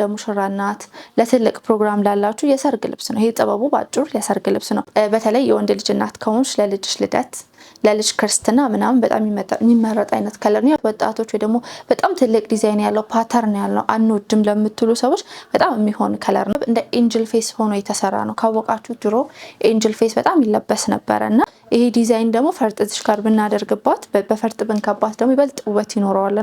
ለሙሽራ እናት ለትልቅ ፕሮግራም ላላችሁ የሰርግ ልብስ ነው። ይሄ ጥበቡ ባጭሩ የሰርግ ልብስ ነው። በተለይ የወንድ ልጅ እናት ከሆንሽ ለልጅሽ ልደት፣ ለልጅ ክርስትና ምናምን በጣም የሚመረጥ አይነት ከለር ነው። ወጣቶች ወይ ደግሞ በጣም ትልቅ ዲዛይን ያለው ፓተርን ያለው አንወድም ለምትሉ ሰዎች በጣም የሚሆን ከለር ነው። እንደ ኤንጅል ፌስ ሆኖ የተሰራ ነው። ካወቃችሁ ድሮ ኤንጅል ፌስ በጣም ይለበስ ነበረ እና ይሄ ዲዛይን ደግሞ ፈርጥ እዚሽ ጋር ብናደርግባት በፈርጥ ብንከባት ደግሞ ይበልጥ ውበት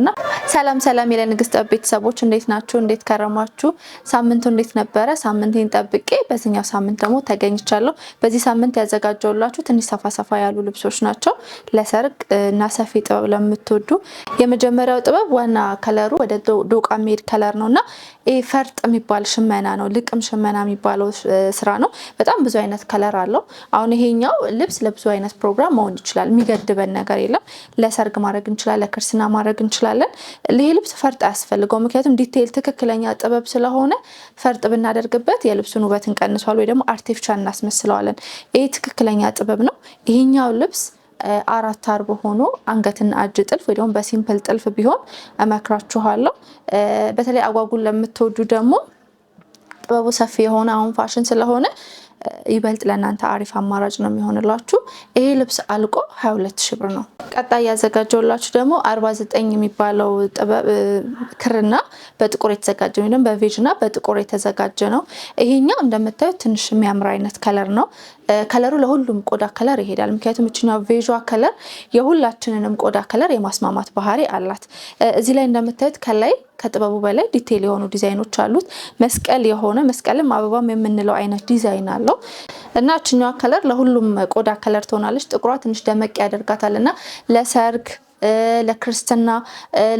ና ሰላም ሰላም የለ ንግስት ጠብ ቤተሰቦች እንዴት ናችሁ? እንዴት ከረማችሁ? ሳምንቱ እንዴት ነበረ? ሳምንቴን ጠብቄ በዚኛው ሳምንት ደግሞ ተገኝቻለሁ። በዚህ ሳምንት ያዘጋጀውላችሁ ትንሽ ሰፋ ሰፋ ያሉ ልብሶች ናቸው። ለሰርግ እና ሰፊ ጥበብ ለምትወዱ የመጀመሪያው ጥበብ ዋና ከለሩ ወደ ዶቃ የሚሄድ ከለር ነው እና ይህ ፈርጥ የሚባል ሽመና ነው። ልቅም ሽመና የሚባለው ስራ ነው። በጣም ብዙ አይነት ከለር አለው። አሁን ይሄኛው ልብስ ለብዙ አይነት ፕሮግራም መሆን ይችላል። የሚገድበን ነገር የለም። ለሰርግ ማድረግ እንችላለን፣ ለክርስትና ማድረግ እንችላለን። ልብስ ፈርጥ አያስፈልገው። ምክንያቱም ዲቴይል ትክክለኛ ጥበብ ስለሆነ ፈርጥ ብናደርግበት የልብሱን ውበት እንቀንሷል፣ ወይ ደግሞ አርቲፊሻል እናስመስለዋለን። ይሄ ትክክለኛ ጥበብ ነው። ይሄኛው ልብስ አራት አርብ ሆኖ አንገትና እጅ ጥልፍ ወይ ደግሞ በሲምፕል ጥልፍ ቢሆን እመክራችኋለሁ። በተለይ አጓጉል ለምትወዱ ደግሞ ጥበቡ ሰፊ የሆነ አሁን ፋሽን ስለሆነ ይበልጥ ለእናንተ አሪፍ አማራጭ ነው የሚሆንላችሁ። ይሄ ልብስ አልቆ 22 ሺ ብር ነው። ቀጣይ ያዘጋጀውላችሁ ደግሞ 49 የሚባለው ክርና በጥቁር የተዘጋጀ ወይም በቬጅ እና በጥቁር የተዘጋጀ ነው። ይሄኛው እንደምታዩት ትንሽ የሚያምር አይነት ከለር ነው። ከለሩ ለሁሉም ቆዳ ከለር ይሄዳል። ምክንያቱም እችኛው ቬዥ ከለር የሁላችንንም ቆዳ ከለር የማስማማት ባህሪ አላት። እዚህ ላይ እንደምታዩት ከላይ ከጥበቡ በላይ ዲቴል የሆኑ ዲዛይኖች አሉት። መስቀል የሆነ መስቀልም አበባም የምንለው አይነት ዲዛይን አለው እና እችኛዋ ከለር ለሁሉም ቆዳ ከለር ትሆናለች። ጥቁሯ ትንሽ ደመቅ ያደርጋታል እና ለሰርግ ለክርስትና፣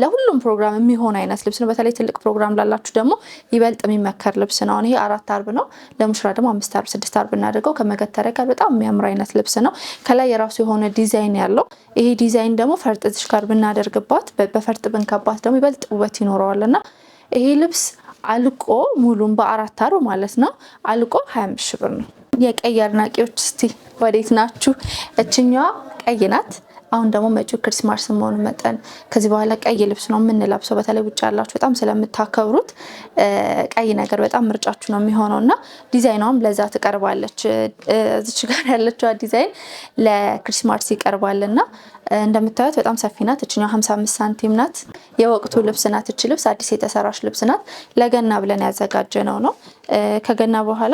ለሁሉም ፕሮግራም የሚሆን አይነት ልብስ ነው። በተለይ ትልቅ ፕሮግራም ላላችሁ ደግሞ ይበልጥ የሚመከር ልብስ ነው። አሁን ይሄ አራት አርብ ነው። ለሙሽራ ደግሞ አምስት አርብ፣ ስድስት አርብ እናደርገው ከመገተሪያ ጋር በጣም የሚያምር አይነት ልብስ ነው። ከላይ የራሱ የሆነ ዲዛይን ያለው ይሄ ዲዛይን ደግሞ ፈርጥ እዚህ ጋር ብናደርግባት፣ በፈርጥ ብንከባት ደግሞ ይበልጥ ውበት ይኖረዋልና ይሄ ልብስ አልቆ ሙሉን በአራት አርብ ማለት ነው አልቆ 25 ሺህ ብር ነው። የቀይ አድናቂዎች እስቲ ወዴት ናችሁ? እችኛዋ ቀይ ናት። አሁን ደግሞ መጪው ክሪስማስ መሆኑ መጠን ከዚህ በኋላ ቀይ ልብስ ነው የምንለብሰው። በተለይ ውጭ ያላችሁ በጣም ስለምታከብሩት ቀይ ነገር በጣም ምርጫችሁ ነው የሚሆነው እና ዲዛይኗም ለዛ ትቀርባለች። እዚች ጋር ያለችዋ ዲዛይን ለክሪስማስ ይቀርባል እና እንደምታዩት በጣም ሰፊ ናት። እችኛው 55 ሳንቲም ናት። የወቅቱ ልብስ ናት። እች ልብስ አዲስ የተሰራች ልብስ ናት። ለገና ብለን ያዘጋጀ ነው ነው ከገና በኋላ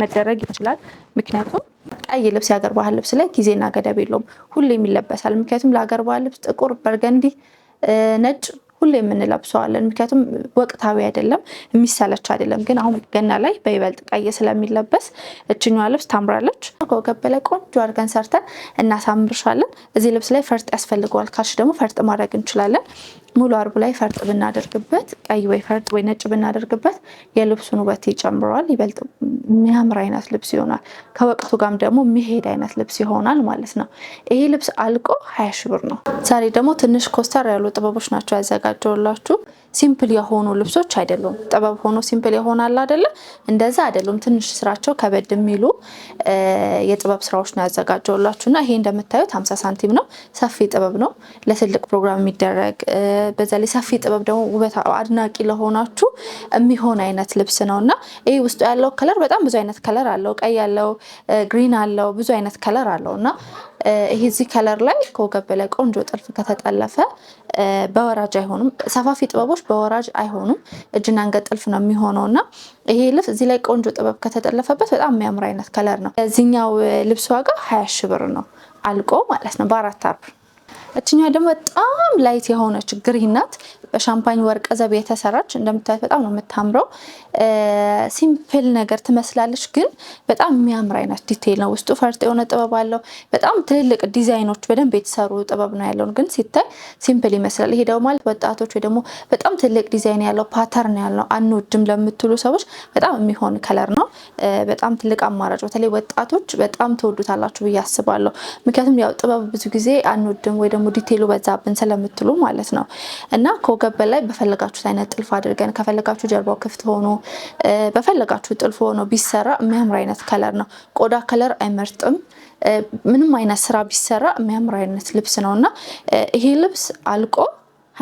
መደረግ ይችላል። ምክንያቱም ቀይ ልብስ የሀገር ባህል ልብስ ላይ ጊዜና ገደብ የለውም፣ ሁሌም ይለበሳል። ምክንያቱም ለሀገር ባህል ልብስ ጥቁር፣ በርገንዲ፣ ነጭ ሁሌ የምንለብሰዋለን። ምክንያቱም ወቅታዊ አይደለም፣ የሚሰለች አይደለም። ግን አሁን ገና ላይ በይበልጥ ቀይ ስለሚለበስ እችኛዋ ልብስ ታምራለች። ከወገብ በላይ ቆንጆ አድርገን ሰርተን እናሳምርሻለን። እዚህ ልብስ ላይ ፈርጥ ያስፈልገዋል ካልሽ ደግሞ ፈርጥ ማድረግ እንችላለን። ሙሉ አርቡ ላይ ፈርጥ ብናደርግበት፣ ቀይ ወይ ፈርጥ ወይ ነጭ ብናደርግበት የልብሱን ውበት ይጨምረዋል። ይበልጥ የሚያምር አይነት ልብስ ይሆናል። ከወቅቱ ጋርም ደግሞ የሚሄድ አይነት ልብስ ይሆናል ማለት ነው። ይሄ ልብስ አልቆ ሀያ ሺ ብር ነው። ዛሬ ደግሞ ትንሽ ኮስተር ያሉ ጥበቦች ናቸው ያዘጋጁ አዘጋጀውላችሁ ሲምፕል የሆኑ ልብሶች አይደሉም። ጥበብ ሆኖ ሲምፕል የሆናል አይደለ? እንደዛ አይደሉም። ትንሽ ስራቸው ከበድ የሚሉ የጥበብ ስራዎች ነው ያዘጋጀውላችሁ እና ይሄ እንደምታዩት 50 ሳንቲም ነው። ሰፊ ጥበብ ነው ለትልቅ ፕሮግራም የሚደረግ በዛ ላይ ሰፊ ጥበብ ደግሞ ውበት አድናቂ ለሆናችሁ የሚሆን አይነት ልብስ ነው እና ይህ ውስጡ ያለው ከለር በጣም ብዙ አይነት ከለር አለው። ቀይ አለው፣ ግሪን አለው፣ ብዙ አይነት ከለር አለው እና ይሄ እዚህ ከለር ላይ ከወገብ በላይ ቆንጆ ጥልፍ ከተጠለፈ በወራጅ አይሆንም። ሰፋፊ ጥበቦች በወራጅ አይሆኑም። እጅና አንገት ጥልፍ ነው የሚሆነው እና ይሄ ልብስ እዚህ ላይ ቆንጆ ጥበብ ከተጠለፈበት በጣም የሚያምር አይነት ከለር ነው። እዚኛው ልብስ ዋጋ ሀያ ሺ ብር ነው አልቆ ማለት ነው በአራት አርብ እችኛ ደግሞ በጣም ላይት የሆነች ግሪን ናት። በሻምፓኝ ወርቀ ዘብ የተሰራች እንደምታዩት በጣም ነው የምታምረው። ሲምፕል ነገር ትመስላለች፣ ግን በጣም የሚያምር አይነት ዲቴይል ነው ውስጡ። ፈርጥ የሆነ ጥበብ አለው። በጣም ትልልቅ ዲዛይኖች በደንብ የተሰሩ ጥበብ ነው ያለውን፣ ግን ሲታይ ሲምፕል ይመስላል። ይሄ ደግሞ ማለት ወጣቶች ወይ ደግሞ በጣም ትልቅ ዲዛይን ያለው ፓተርን ያለው አንወድም ለምትሉ ሰዎች በጣም የሚሆን ከለር ነው። በጣም ትልቅ አማራጭ በተለይ ወጣቶች በጣም ትወዱታላችሁ ብዬ አስባለሁ። ምክንያቱም ያው ጥበብ ብዙ ጊዜ አንወድም ወይ ደግሞ ዲቴይሉ በዛብን ስለምትሉ ማለት ነው እና ገብ ላይ በፈለጋችሁት አይነት ጥልፍ አድርገን ከፈለጋችሁ ጀርባው ክፍት ሆኖ በፈለጋችሁ ጥልፍ ሆኖ ቢሰራ የሚያምር አይነት ከለር ነው። ቆዳ ከለር አይመርጥም። ምንም አይነት ስራ ቢሰራ የሚያምር አይነት ልብስ ነው እና ይሄ ልብስ አልቆ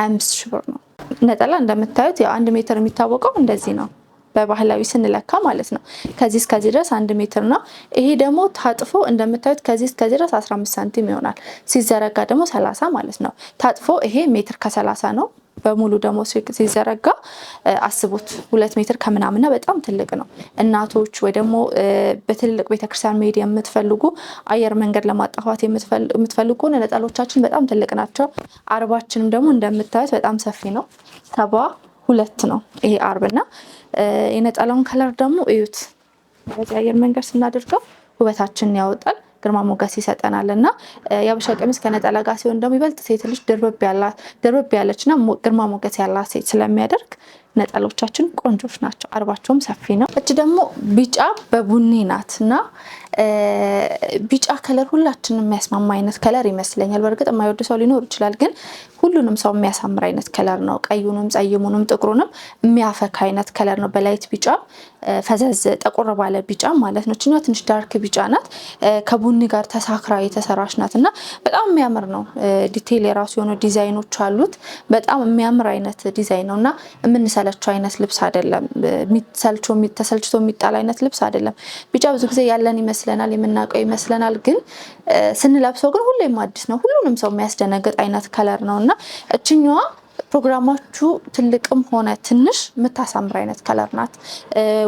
25 ሺህ ብር ነው። ነጠላ እንደምታዩት አንድ ሜትር የሚታወቀው እንደዚህ ነው በባህላዊ ስንለካ ማለት ነው። ከዚህ እስከዚህ ድረስ አንድ ሜትር ነው። ይሄ ደግሞ ታጥፎ እንደምታዩት ከዚህ እስከዚህ ድረስ 15 ሳንቲም ይሆናል። ሲዘረጋ ደግሞ 30 ማለት ነው። ታጥፎ ይሄ ሜትር ከ30 ነው። በሙሉ ደግሞ ሲዘረጋ አስቡት ሁለት ሜትር ከምናምና በጣም ትልቅ ነው። እናቶች ወይ ደግሞ በትልቅ ቤተክርስቲያን መሄድ የምትፈልጉ አየር መንገድ ለማጣፋት የምትፈልጉ ነጠሎቻችን በጣም ትልቅ ናቸው። አርባችንም ደግሞ እንደምታዩት በጣም ሰፊ ነው። ሰባ ሁለት ነው ይሄ አርብና የነጠላውን ከለር ደግሞ እዩት። በዚህ አየር መንገድ ስናደርገው ውበታችንን ያወጣል። ግርማ ሞገስ ይሰጠናል እና የሀበሻ ቀሚስ ከነጠላ ጋር ሲሆን ደግሞ ይበልጥ ሴት ልጅ ድርብብ ያለች እና ግርማ ሞገስ ያላት ሴት ስለሚያደርግ ነጠሎቻችን ቆንጆች ናቸው። አርባቸውም ሰፊ ነው። እች ደግሞ ቢጫ በቡኒ ናት እና ቢጫ ከለር ሁላችንም የሚያስማማ አይነት ከለር ይመስለኛል። በእርግጥ የማይወድ ሰው ሊኖር ይችላል፣ ግን ሁሉንም ሰው የሚያሳምር አይነት ከለር ነው። ቀዩንም፣ ጸይሙንም፣ ጥቁሩንም የሚያፈካ አይነት ከለር ነው። በላይት ቢጫ ፈዘዝ ጠቆር ባለ ቢጫ ማለት ነው። ችኛ ትንሽ ዳርክ ቢጫ ናት። ከቡኒ ጋር ተሳክራ የተሰራች ናት እና በጣም የሚያምር ነው። ዲቴይል የራሱ የሆነ ዲዛይኖች አሉት። በጣም የሚያምር አይነት ዲዛይን ነው እና የምንሰለቸው አይነት ልብስ አይደለም። ተሰልችቶ የሚጣል አይነት ልብስ አይደለም። ቢጫ ብዙ ጊዜ ያለን ይመስል ይመስለናል፣ የምናውቀው ይመስለናል። ግን ስንለብሰው ግን ሁሌም አዲስ ነው። ሁሉንም ሰው የሚያስደነግጥ አይነት ከለር ነው እና እችኛዋ ፕሮግራማቹ ትልቅም ሆነ ትንሽ የምታሳምር አይነት ከለር ናት።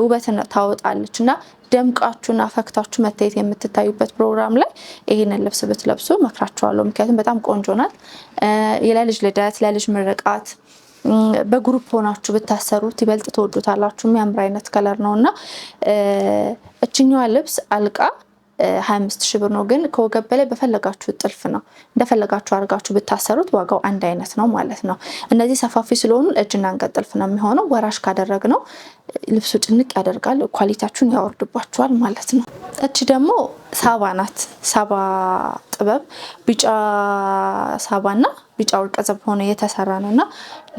ውበትን ታወጣለች እና ደምቃችሁና ፈክታችሁ መታየት የምትታዩበት ፕሮግራም ላይ ይህንን ልብስ ብትለብሱ መክራችኋለሁ። ምክንያቱም በጣም ቆንጆ ናት። ለልጅ ልደት፣ ለልጅ ምርቃት በግሩፕ ሆናችሁ ብታሰሩት ይበልጥ ትወዱታላችሁ። የሚያምር አይነት ከለር ነው እና እችኛዋ ልብስ አልቃ 25 ሺህ ብር ነው። ግን ከወገብ በላይ በፈለጋችሁ ጥልፍ ነው እንደፈለጋችሁ አድርጋችሁ ብታሰሩት ዋጋው አንድ አይነት ነው ማለት ነው። እነዚህ ሰፋፊ ስለሆኑ እጅና አንገት ጥልፍ ነው የሚሆነው። ወራሽ ካደረግ ነው ልብሱ ጭንቅ ያደርጋል፣ ኳሊቲያችሁን ያወርድባችኋል ማለት ነው። እች ደግሞ ሳባ ናት። ሳባ ጥበብ ቢጫ ሳባና ቢጫ ወርቀ ዘብ ሆኖ የተሰራ ነው እና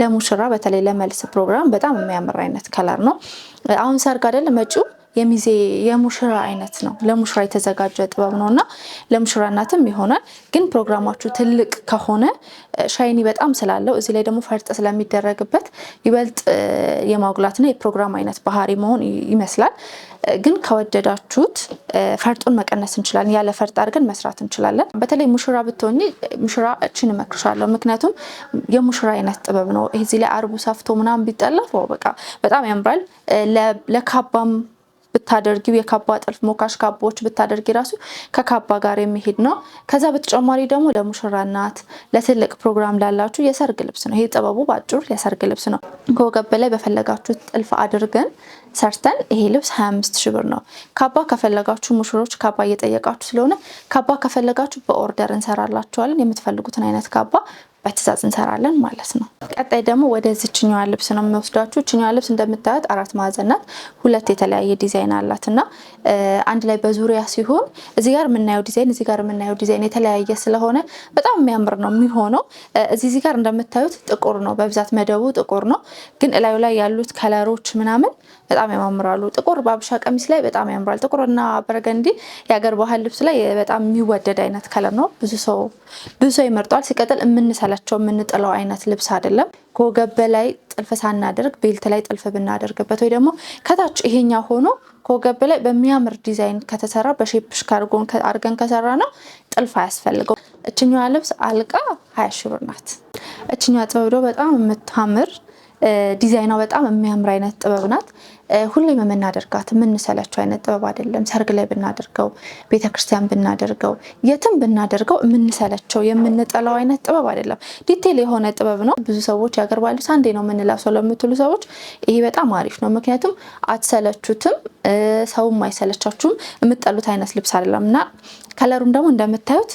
ለሙሽራ በተለይ ለመልስ ፕሮግራም በጣም የሚያምር አይነት ከለር ነው። አሁን ሰርግ አይደል መጪው የሚዜ የሙሽራ አይነት ነው። ለሙሽራ የተዘጋጀ ጥበብ ነው እና ለሙሽራ እናትም ይሆናል። ግን ፕሮግራማችሁ ትልቅ ከሆነ ሻይኒ በጣም ስላለው እዚህ ላይ ደግሞ ፈርጥ ስለሚደረግበት ይበልጥ የማጉላትና የፕሮግራም አይነት ባህሪ መሆን ይመስላል። ግን ከወደዳችሁት ፈርጡን መቀነስ እንችላለን። ያለ ፈርጥ አድርገን መስራት እንችላለን። በተለይ ሙሽራ ብትሆኝ ሙሽራ እችን እመክርሻለሁ። ምክንያቱም የሙሽራ አይነት ጥበብ ነው። እዚህ ላይ አርቡ ሰፍቶ ምናምን ቢጠለፍ በቃ በጣም ያምራል። ለካባም ብታደርጊው የካባ ጥልፍ ሞካሽ ካባዎች ብታደርጊ ራሱ ከካባ ጋር የሚሄድ ነው። ከዛ በተጨማሪ ደግሞ ለሙሽራ እናት፣ ለትልቅ ፕሮግራም ላላችሁ የሰርግ ልብስ ነው። ይሄ ጥበቡ በአጭሩ የሰርግ ልብስ ነው። ከወገብ በላይ በፈለጋችሁት ጥልፍ አድርገን ሰርተን ይሄ ልብስ 25 ሺህ ብር ነው። ካባ ከፈለጋችሁ ሙሽሮች ካባ እየጠየቃችሁ ስለሆነ ካባ ከፈለጋችሁ በኦርደር እንሰራላችኋለን። የምትፈልጉትን አይነት ካባ በትእዛዝ እንሰራለን ማለት ነው። ቀጣይ ደግሞ ወደ ዚችኛዋ ልብስ ነው የምንወስዳችሁ። እችኛዋ ልብስ እንደምታዩት አራት ማዕዘን ናት። ሁለት የተለያየ ዲዛይን አላት እና አንድ ላይ በዙሪያ ሲሆን እዚህ ጋር የምናየው ዲዛይን እዚህ ጋር የምናየው ዲዛይን የተለያየ ስለሆነ በጣም የሚያምር ነው የሚሆነው። እዚህ እዚህ ጋር እንደምታዩት ጥቁር ነው በብዛት መደቡ ጥቁር ነው፣ ግን እላዩ ላይ ያሉት ከለሮች ምናምን በጣም ያማምራሉ። ጥቁር በአብሻ ቀሚስ ላይ በጣም ያምራል። ጥቁርና በርገንዲ የሀገር ባህል ልብስ ላይ በጣም የሚወደድ አይነት ከለር ነው። ብዙ ሰው ብዙ ሰው ይመርጠዋል። ሲቀጥል የምንሰለ በላቸው የምንጥለው አይነት ልብስ አይደለም። ከወገብ በላይ ጥልፍ ሳናደርግ ቤልት ላይ ጥልፍ ብናደርግበት ወይ ደግሞ ከታች ይሄኛ ሆኖ ከወገብ በላይ በሚያምር ዲዛይን ከተሰራ በሼፕሽ ካርጎን አድርገን ከሰራ ነው ጥልፍ አያስፈልገው። እችኛዋ ልብስ አልቃ ሀያ ሺ ብር ናት። እችኛዋ ጥበብ ደግሞ በጣም የምታምር ዲዛይኗ በጣም የሚያምር አይነት ጥበብ ናት። ሁሌም የምናደርጋት የምንሰለችው አይነት ጥበብ አይደለም። ሰርግ ላይ ብናደርገው፣ ቤተክርስቲያን ብናደርገው፣ የትም ብናደርገው የምንሰለቸው የምንጠላው አይነት ጥበብ አይደለም። ዲቴል የሆነ ጥበብ ነው። ብዙ ሰዎች የአገር ባሉት አንዴ ነው የምንለብሰው ለምትሉ ሰዎች ይሄ በጣም አሪፍ ነው። ምክንያቱም አትሰለቹትም፣ ሰውም አይሰለቻችሁም። የምጠሉት አይነት ልብስ አይደለም እና ከለሩም ደግሞ እንደምታዩት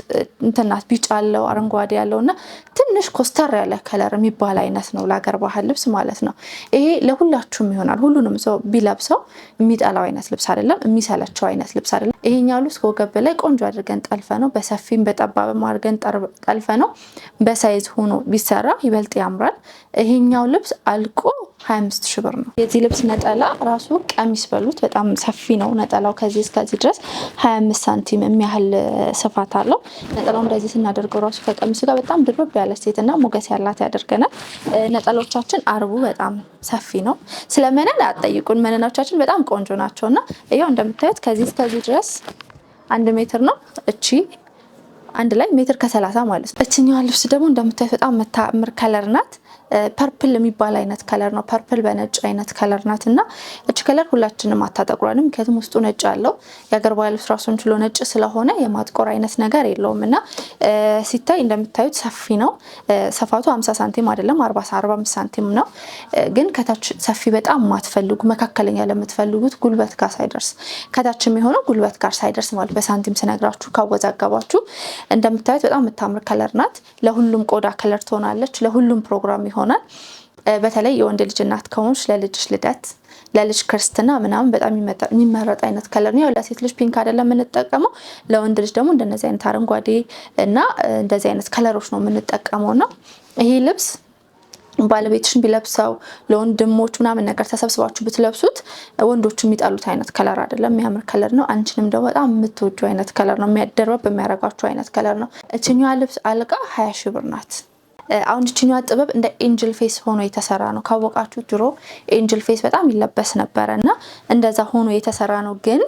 እንትናት ቢጫ አለው አረንጓዴ ያለው እና ትንሽ ኮስተር ያለ ከለር የሚባል አይነት ነው ለአገር ባህል ልብስ ማለት ነው። ይሄ ለሁላችሁም ይሆናል ሁሉንም ሰው ቢለብሰው የሚጠላው አይነት ልብስ አይደለም፣ የሚሰለቸው አይነት ልብስ አይደለም። ይሄኛው ልብስ ከወገብ በላይ ቆንጆ አድርገን ጠልፈ ነው በሰፊም በጠባብም አድርገን ጠልፈ ነው በሳይዝ ሆኖ ቢሰራ ይበልጥ ያምራል። ይሄኛው ልብስ አልቆ 25 ሺ ብር ነው። የዚህ ልብስ ነጠላ ራሱ ቀሚስ በሉት በጣም ሰፊ ነው ነጠላው ከዚህ እስከዚህ ድረስ 25 ሳንቲም የሚያህል ስፋት አለው። ነጠላው እንደዚህ ስናደርገው ራሱ ከቀሚሱ ጋር በጣም ድርብ ያለ ሴትና ሞገስ ያላት ያደርገናል። ነጠላዎቻችን አርቡ በጣም ሰፊ ነው። ስለ መነን አጠይቁን። መነናዎቻችን በጣም ቆንጆ ናቸው እና ያው እንደምታዩት ከዚህ እስከዚህ ድረስ አንድ ሜትር ነው እቺ አንድ ላይ ሜትር ከሰላሳ ማለት ነው። እችኛዋ ልብስ ደግሞ እንደምታዩት በጣም የምታምር ከለር ናት። ፐርፕል የሚባል አይነት ከለር ነው። ፐርፕል በነጭ አይነት ከለር ናት እና እች ከለር ሁላችንም አታጠቁረንም። ምክንያቱም ውስጡ ነጭ አለው የአገር ባህል ውስጥ ራሱን ችሎ ነጭ ስለሆነ የማጥቆር አይነት ነገር የለውም እና ሲታይ እንደምታዩት ሰፊ ነው። ሰፋቱ 50 ሳንቲም አይደለም 45 ሳንቲም ነው። ግን ከታች ሰፊ በጣም ማትፈልጉ መካከለኛ ለምትፈልጉት ጉልበት ጋር ሳይደርስ ከታች የሚሆነው ጉልበት ጋር ሳይደርስ ማለት በሳንቲም ስነግራችሁ ካወዛገባችሁ እንደምታዩት በጣም የምታምር ከለር ናት። ለሁሉም ቆዳ ከለር ትሆናለች። ለሁሉም ፕሮግራም ይሆናል ይሆናል። በተለይ የወንድ ልጅ እናት ከሆንሽ ለልጅሽ ልደት፣ ለልጅ ክርስትና ምናምን በጣም የሚመረጥ አይነት ከለር ነው። ያው ለሴት ልጅ ፒንክ አይደለም የምንጠቀመው፣ ለወንድ ልጅ ደግሞ እንደነዚህ አይነት አረንጓዴ እና እንደዚህ አይነት ከለሮች ነው የምንጠቀመው ነው። ይሄ ልብስ ባለቤትሽን ቢለብሰው ለወንድሞች ምናምን ነገር ተሰብስባችሁ ብትለብሱት ወንዶች የሚጠሉት አይነት ከለር አይደለም፣ የሚያምር ከለር ነው። አንቺንም ደግሞ በጣም የምትወጁ አይነት ከለር ነው። የሚያደርበብ የሚያረጓችሁ አይነት ከለር ነው። እችኛዋ ልብስ አልቃ ሀያ ሺህ ብር ናት። አሁን ችኛዋ ጥበብ እንደ ኤንጅል ፌስ ሆኖ የተሰራ ነው። ካወቃችሁ ድሮ ኤንጅል ፌስ በጣም ይለበስ ነበረ እና እንደዛ ሆኖ የተሰራ ነው ግን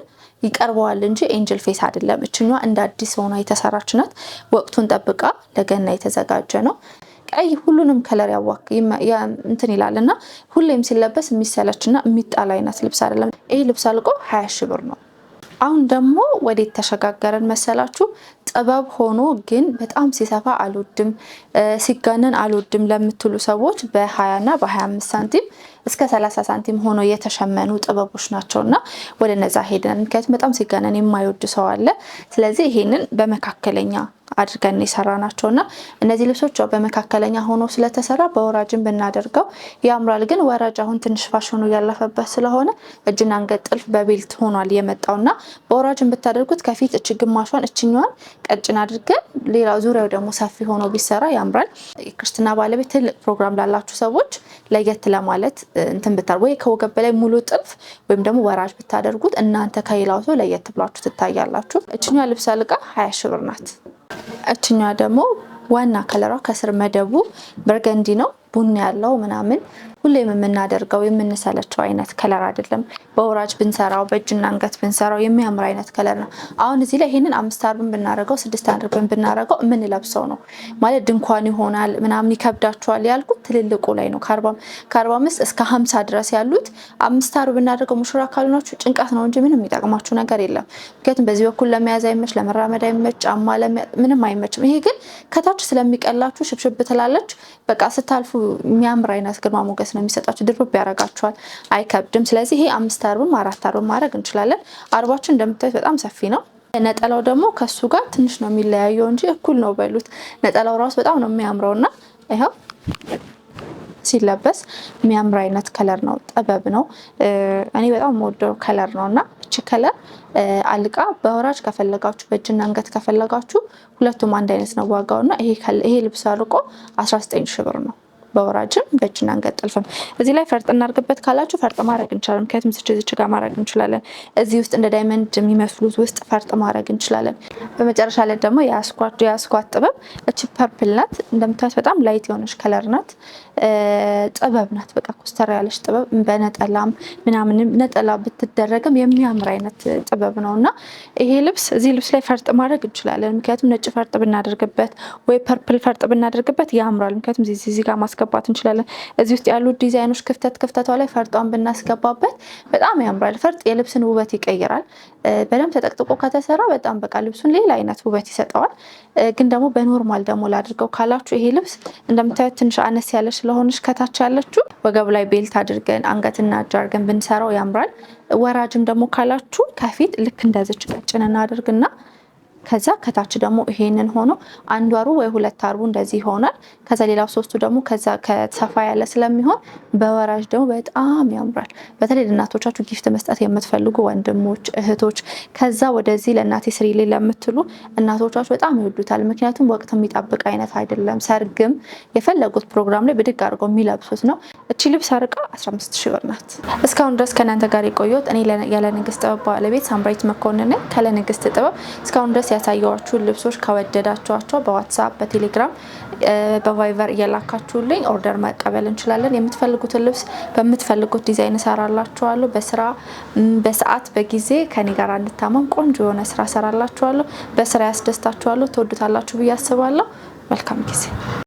ይቀርበዋል እንጂ ኤንጅል ፌስ አይደለም። እችኛ እንደ አዲስ ሆኖ የተሰራች ናት። ወቅቱን ጠብቃ ለገና የተዘጋጀ ነው። ቀይ ሁሉንም ከለር ያዋክ እንትን ይላል እና ሁሌም ሲለበስ የሚሰለች እና የሚጣል አይነት ልብስ አይደለም። ይህ ልብስ አልቆ ሀያ ሺ ብር ነው። አሁን ደግሞ ወዴት ተሸጋገረን መሰላችሁ? ጥበብ ሆኖ ግን በጣም ሲሰፋ አልወድም፣ ሲጋነን አልወድም ለምትሉ ሰዎች በ20 እና በ25 ሳንቲም እስከ 30 ሳንቲም ሆኖ የተሸመኑ ጥበቦች ናቸው እና ወደ ነዛ ሄደን፣ ምክንያቱም በጣም ሲጋነን የማይወድ ሰው አለ። ስለዚህ ይሄንን በመካከለኛ አድርገን የሰራ ናቸው እና እነዚህ ልብሶች በመካከለኛ ሆኖ ስለተሰራ በወራጅን ብናደርገው ያምራል። ግን ወራጅ አሁን ትንሽ ፋሽኑ ያለፈበት ስለሆነ እጅና አንገት ጥልፍ በቤልት ሆኗል የመጣው እና በወራጅን ብታደርጉት ከፊት እች ግማሿን እችኛዋን ቀጭን አድርገን ሌላ ዙሪያው ደግሞ ሰፊ ሆኖ ቢሰራ ያምራል። የክርስትና ባለቤት ትልቅ ፕሮግራም ላላችሁ ሰዎች ለየት ለማለት እንትን ብታር ወይ ከወገብ በላይ ሙሉ ጥልፍ ወይም ደግሞ ወራጅ ብታደርጉት እናንተ ከሌላው ሰው ለየት ብላችሁ ትታያላችሁ። እችኛ ልብስ አልቃ ሀያ ሺ ብር ናት። እችኛዋ ደግሞ ዋና ከለሯ ከስር መደቡ በርገንዲ ነው ቡኒ ያለው ምናምን ሁሌም የምናደርገው የምንሰለቸው አይነት ከለር አይደለም። በወራጅ ብንሰራው በእጅና አንገት ብንሰራው የሚያምር አይነት ከለር ነው። አሁን እዚህ ላይ ይህንን አምስት አርብን ብናደርገው ስድስት አርብን ብናደርገው የምንለብሰው ነው ማለት ድንኳን ይሆናል ምናምን ይከብዳቸዋል ያልኩት ትልልቁ ላይ ነው። ከአርባ አምስት እስከ ሀምሳ ድረስ ያሉት አምስት አርብ ብናደርገው ሙሽራ ካልሆናችሁ ጭንቀት ነው እንጂ ምንም የሚጠቅማችሁ ነገር የለም። ምክንያቱም በዚህ በኩል ለመያዝ አይመች፣ ለመራመድ አይመች፣ ጫማ ምንም አይመችም። ይሄ ግን ከታች ስለሚቀላችሁ ሽብሽብ ትላለች። በቃ ስታልፉ የሚያምር አይነት ግርማ ሞገስ ነው የሚሰጣቸው። ድርብ ያረጋቸዋል፣ አይከብድም። ስለዚህ ይሄ አምስት አርብም አራት አርብም ማድረግ እንችላለን። አርባችን እንደምታዩት በጣም ሰፊ ነው። ነጠላው ደግሞ ከሱ ጋር ትንሽ ነው የሚለያየው እንጂ እኩል ነው በሉት። ነጠላው ራሱ በጣም ነው የሚያምረውና ይኸው ሲለበስ የሚያምር አይነት ከለር ነው። ጥበብ ነው። እኔ በጣም ወደው ከለር ነው እና እቺ ከለር አልቃ በወራጅ ከፈለጋችሁ በእጅና አንገት ከፈለጋችሁ ሁለቱም አንድ አይነት ነው ዋጋውና ይሄ ልብስ አልቆ 19 ሺ ብር ነው። በወራጅም በእጅና አንገት እዚህ ላይ ፈርጥ እናርግበት ካላችሁ ፈርጥ ማድረግ እንችላለን። ምክንያቱም ዝች ዝች ጋር ማድረግ እንችላለን። እዚህ ውስጥ እንደ ዳይመንድ የሚመስሉት ውስጥ ፈርጥ ማድረግ እንችላለን። በመጨረሻ ላይ ደግሞ የአስኳት የአስኳት ጥበብ እች ፐርፕል ናት። እንደምታዩት በጣም ላይት የሆነች ከለር ናት። ጥበብ ናት። በቃ ኮስተር ያለች ጥበብ በነጠላም ምናምንም ነጠላ ብትደረግም የሚያምር አይነት ጥበብ ነው እና ይሄ ልብስ እዚህ ልብስ ላይ ፈርጥ ማድረግ እንችላለን። ምክንያቱም ነጭ ፈርጥ ብናደርግበት ወይ ፐርፕል ፈርጥ ብናደርግበት ያምራል። ምክንያቱም እዚህ ጋር ማስገ ማስገባት እንችላለን። እዚህ ውስጥ ያሉት ዲዛይኖች ክፍተት ክፍተቷ ላይ ፈርጧን ብናስገባበት በጣም ያምራል። ፈርጥ የልብስን ውበት ይቀይራል። በደንብ ተጠቅጥቆ ከተሰራ በጣም በቃ ልብሱን ሌላ አይነት ውበት ይሰጠዋል። ግን ደግሞ በኖርማል ደግሞ ላድርገው ካላችሁ ይሄ ልብስ እንደምታዩት ትንሽ አነስ ያለ ስለሆነች ከታች ያለችው ወገብ ላይ ቤልት አድርገን አንገትና እጅ አድርገን ብንሰራው ያምራል። ወራጅም ደግሞ ካላችሁ ከፊት ልክ እንደዚች ቀጭን እናደርግና ከዛ ከታች ደግሞ ይሄንን ሆኖ አንዱ አሩ ወይ ሁለት አርቡ እንደዚህ ይሆናል። ከዛ ሌላው ሶስቱ ደግሞ ከዛ ከሰፋ ያለ ስለሚሆን በወራጅ ደግሞ በጣም ያምራል። በተለይ ለእናቶቻችሁ ጊፍት መስጠት የምትፈልጉ ወንድሞች፣ እህቶች ከዛ ወደዚህ ለእናቴ ላይ ለምትሉ እናቶቻችሁ በጣም ይወዱታል። ምክንያቱም ወቅት የሚጠብቅ አይነት አይደለም። ሰርግም የፈለጉት ፕሮግራም ላይ ብድግ አድርገው የሚለብሱት ነው። እቺ ልብስ አርቃ 15 ሺ ብር ናት። እስካሁን ድረስ ከእናንተ ጋር የቆየሁት እኔ ያለንግስት ጥበብ ባለቤት ሳምራዊት መኮንን ከለንግስት ጥበብ እስካሁን ድረስ ያሳየኋችሁን ልብሶች ከወደዳችኋቸው በዋትሳፕ በቴሌግራም በቫይቨር እየላካችሁልኝ ኦርደር መቀበል እንችላለን። የምትፈልጉትን ልብስ በምትፈልጉት ዲዛይን እሰራላችኋለሁ። በስራ በሰዓት በጊዜ ከኔ ጋር እንድታመም ቆንጆ የሆነ ስራ እሰራላችኋለሁ። በስራ ያስደስታችኋለሁ። ትወዱታላችሁ ብዬ አስባለሁ። መልካም ጊዜ